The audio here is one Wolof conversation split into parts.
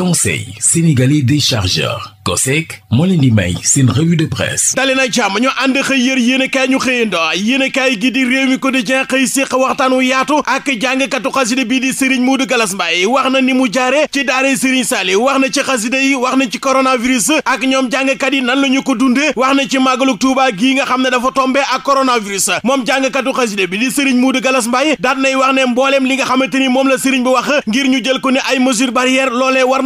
conseil sénégalais des chargeurs COSEC moo leen di may seen revue de presse dali na jàmm ñu ànd xëy yër yéen kaay ñu xëyando yéen kaay gi di réew mi quotidien xëy séq waxtaan wu yaatu ak jàngkatu xasida bii di Serigne Modou Galas Mbaye wax na ni mu jaare ci daare Serigne Sali wax na ci xasida yi wax na ci coronavirus ak ñoom jàngkat yi nan la ñu ko dunde wax na ci màggalu Tuuba gii nga xam ne dafa tombe ak coronavirus moom jàngkatu xasida bi di Serigne Modou Galas Mbaye daat nay wax ne li nga xamante ni moom la Serigne bi wax ngir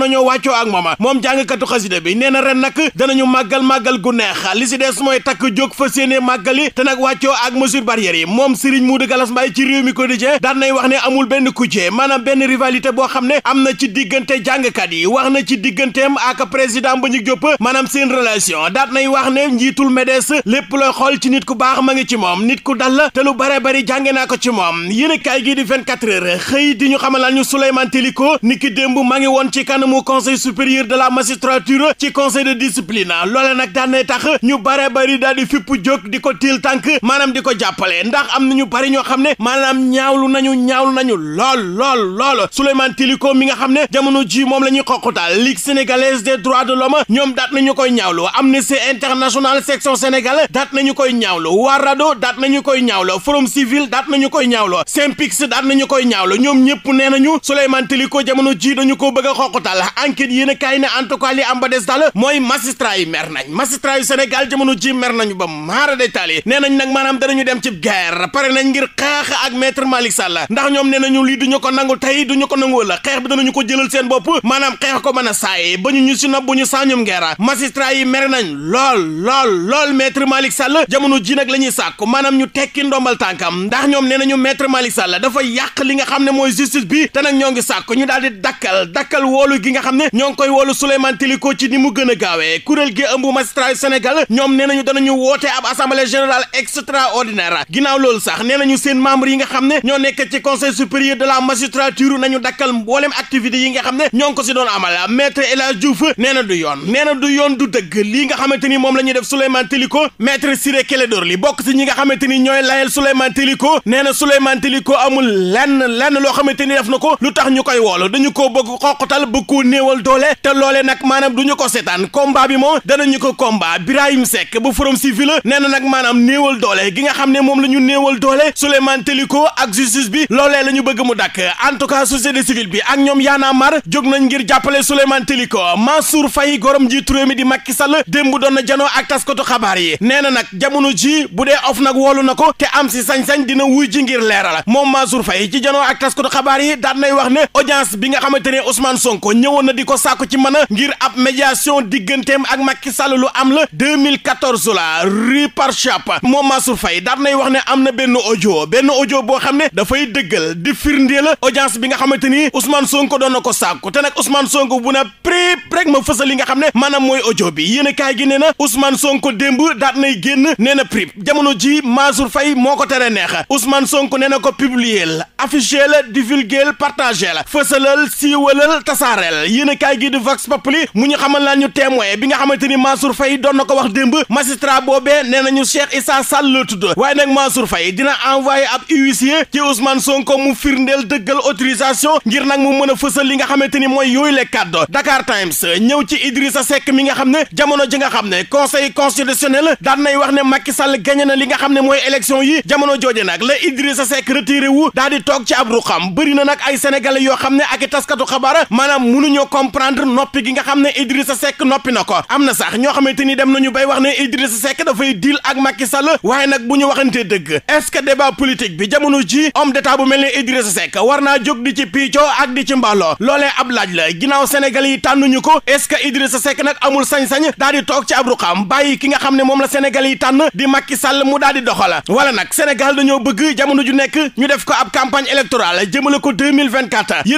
nañoo wàccoo ak mooma moom jàngkatu xasida bi nee na ren nag danañu màggal màggal gu neex li si des mooy takk jóg fa séene màggali te nag wàccoo ak mesure barrières yi moom Serigne Modou Gallas Mbaye ci réew mi quotidien daan nay wax ne amul benn kuccee maanaam benn rivalité boo xam ne am na ci diggante jàngkat yi wax na ci digganteem ak président ba ñu jópp maanaam seen relation daan nay wax ne njiitul MEDES lépp looy xool ci nit ku baax ma ngi ci moom nit ku dal te lu bare bari jànge naa ko ci moom yéen a kaay gii di xëy di ñu xamalal ñu Souleymane Teliko niki démb ma woon ci kanam kanamu conseil supérieur de la magistrature ci conseil de discipline loole nag daan nay tax ñu bare bari daal di fippu jóg di ko tiil tànk maanaam di ko jàppale ndax am na ñu bari ñoo xam ne maanaam ñaawlu nañu ñaawlu nañu lool lool lool Souleymane ko mi nga xam ne jamono ji moom la ñuy xoqutaal Ligue sénégalaise des droits de l'homme ñoom daat nañu koy ñaawlu Amnesty International section Sénégal daat nañu koy ñaawlu waa RADDHO daat nañu koy ñaawlu Forum Civil daat nañu koy ñaawlu Synpics daat nañu koy ñaawlu ñoom ñëpp nee nañu Souleymane Téliko jamono ji dañu ko a xoqutaal la enquête yéen a kaay ne en tout cas li am ba des daal mooy magistrat yi mer nañ magistrat jamono ji mer nañu ba maara de taali nee nañ nag maanaam danañu dem ci guerre pare nañ ngir xeex ak maître Malick Sall ndax ñoom nee nañu lii du ñu ko nangu tey du ñu ko nangu la xeex bi danañu ko jëlal seen bopp maanaam xeex ko mën a saaye ba ñu ñu si nopp bu ñu saañum ngeera magistrat yi mer nañ lool lool lool maître Malick Sall jamono ji nag la ñuy sàkku maanaam ñu tekki ndombal tànkam ndax ñoom nee nañu maître Malick Sall dafa yàq li nga xam ne mooy justice bi te ñoo ngi sàkku ñu daal di dakkal dakkal woolu gi nga xam ne ñoo ngi koy woolu Souleymane Téliko ci ni mu gën a gaawee kuréel gi ëmb magistrat yu Sénégal ñoom nee nañu danañu woote ab assemblée générale extraordinaire ginnaaw loolu sax nee nañu seen membre yi nga xam ne ñoo nekk ci conseil supérieur de la magistrature nañu dakkal mboolem activités yi nga xam ne ñoo ngi ko si doon amal maître El Hadj Diouf nee na du yoon nee du yoon du dëgg lii nga xamante ni moom la ñuy def Souleymane Téliko maître Siré Kélédor li bokk si ñi nga xamante ni ñooy layel Souleymane Téliko nee na Souleymane Téliko amul lenn loo xamante ni def na ko lu tax ñu koy woolu dañu ko bëgg koo néewal doole te loole nag maanaam du ñu ko seetaan combat bi moom danañu ko combat Birahim Seck bu Forum Civil nee na nag maanaam néewal doole gi nga xam ne moom la ñu néewal doole Souleymane Teliko ak justice bi loolee la ñu bëgg mu dakk en tout cas société civile bi ak ñoom Y'en a marre jóg nañ ngir jàppale Souleymane Teliko Mansour Faye gorom ji turéew mi di Macky Sall démb doon na janoo ak taskatu xabaar yi nee na nag jamono ji bu dee of nag woolu na ko te si sañ-sañ dina wuy ji ngir leeral moom Mansour Faye ci janoo xabaar yi daan nay wax ne audience bi nga xamante ne Ousmane Sonko ñëwoon na di ko sàkku ci mën a ngir ab médiation digganteem ak Macky Sall lu am la 2014 la rue Parchap moom Mansour Faye daan nay wax ne am na benn audio benn audio boo xam ne dafay dëggal di firndeel audience bi nga xamante ni Ousmane Sonko doon na ko sàkku te nag Ousmane Sonko bu na prép rek ma fësal li nga xam ne maanaam mooy audio bi yéen a kaay gi nee na Ousmane Sonko démb daan nay génn nee na prip jamono ji Mansour Faye moo ko tere neex Ousmane Sonko nee na ko publier la afficher la divulguer la partager la fësalal siiwalal Euh, yéen a kaay gi di Vox Populi mu ñu xamal laan ñu témoin bi nga xamante ni Mansour Faye doon na ko wax démb magistrat boobee nee nañu Cheikh Issa Sall la tudd waaye nag Mansour Faye dina envoyé ab huissier ci Ousmane Sonko mu firndeel dëggal autorisation ngir mu mën a fësal li nga xamante ni mooy yooyu le kàddu Dakar Times ñëw ci Idrissa Seck mi nga xam ne jamono ji nga xam ne conseil constitutionnel daan nay wax ne Macky Sall gagné na li nga xam ne mooy élection yi jamono jooje nag la Idrissa Seck retiré daal di toog ci ab ruqam na nag ay sénégalais yoo xam ne ak i taskatu xabaar mënuñoo comprendre noppi gi nga xam ne Idrissa Seck noppi na ko am na sax ñoo xamante ni dem nañu bay wax ne Idrissa Seck dafay deal ak Macky Sall waaye nag bu ñu waxantee dëgg est-ce que débat politique bi jamono ji homme d'état bu mel ne Idrissa Seck war naa jóg di ci piicoo ak di ci mbaloo loolee ab laaj la ginnaaw Sénégal yi tànnuñu ko est-ce que Idrissa Seck nag amul sañ-sañ daal di toog ci ab ruqam ki nga xam ne moom la Sénégal yi tànn di Macky Sall mu daal di doxala wala nag Sénégal dañoo bëgg jamono ju nekk ñu def ko ab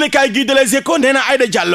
a kaay gii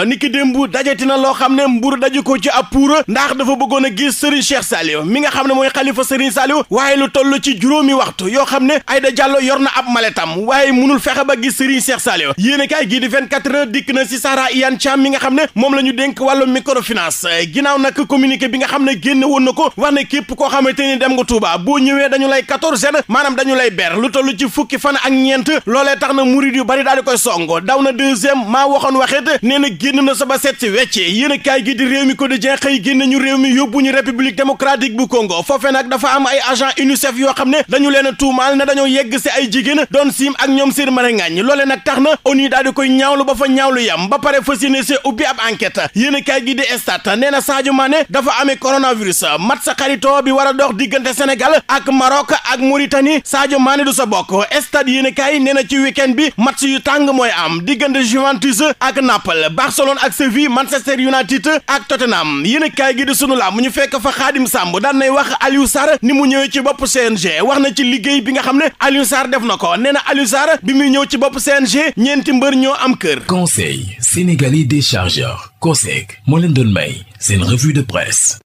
la niki démb dajati na loo xam ne mburu daju ko ci ab puur ndax dafa bëggoon a gis Serigne Cheikh Saliou mi nga xam ne mooy xalifa Serigne Saliou waaye lu toll ci juróomi waxtu yoo xam ne Aïda Diallo yor na ab maletam waaye munul fexe ba gis Serigne Cheikh Saliou yéen a kaay gii di 24 heures dikk na si Sahara Iyane Thiam mi nga xam ne moom la ñu dénk wàllu microfinance ginnaaw nag communiqué bi nga xam ne génne woon na ko wax ne képp koo xamante ni dem nga Touba boo ñëwee dañu lay quatorzaine maanaam dañu lay ber lu toll ci fukki fan ak ñeent tax na murid yu bari daal koy songo daw na deuxième maa waxoon waxeet nee na génn na sa ba set ci wecc yéen a gi di réew mi quotidien xëy génn ñu réew mi yóbbu ñu république démocratique bu Congo foofe nag dafa am ay agent UNICEF yoo xam ne dañu leen tuumaal ne dañoo yegg si ay jigéen doon siim ak ñoom seen marangaañ loole nag tax na ONU daal di koy ñaawlu ba fa ñaawlu yam ba pare fas yéene si ubbi ab enquête yéen a kaay gi di Stades nee na Sadio Mané dafa amee coronavirus mat sa xaritoo bi war a dox diggante Sénégal ak Maroc ak Mauritanie Sadio Mané du sa bokk Stades yéen a kaay nee na ci week-end bi match yu tàng mooy am diggante Juventus ak Naples Barcelone ak Séville Manchester United ak Tottenham yéen na kaay gi di sunu làmb ñu fekk fa Xaadim Samb daan nay wax Aliou Sarr ni mu ñëwee ci bopp CNG wax na ci liggéey bi nga xam ne Aliou Sarr def na ko nee na Aliou Sarr bi muy ñëw ci bopp CNG ñeenti mbër ñoo am kër. Conseil sénégalais des chargeurs COSEC moo leen doon may seen revue de presse.